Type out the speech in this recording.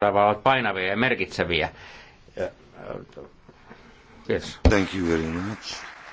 ovat painavia ja merkitseviä. Yes. Thank you very much.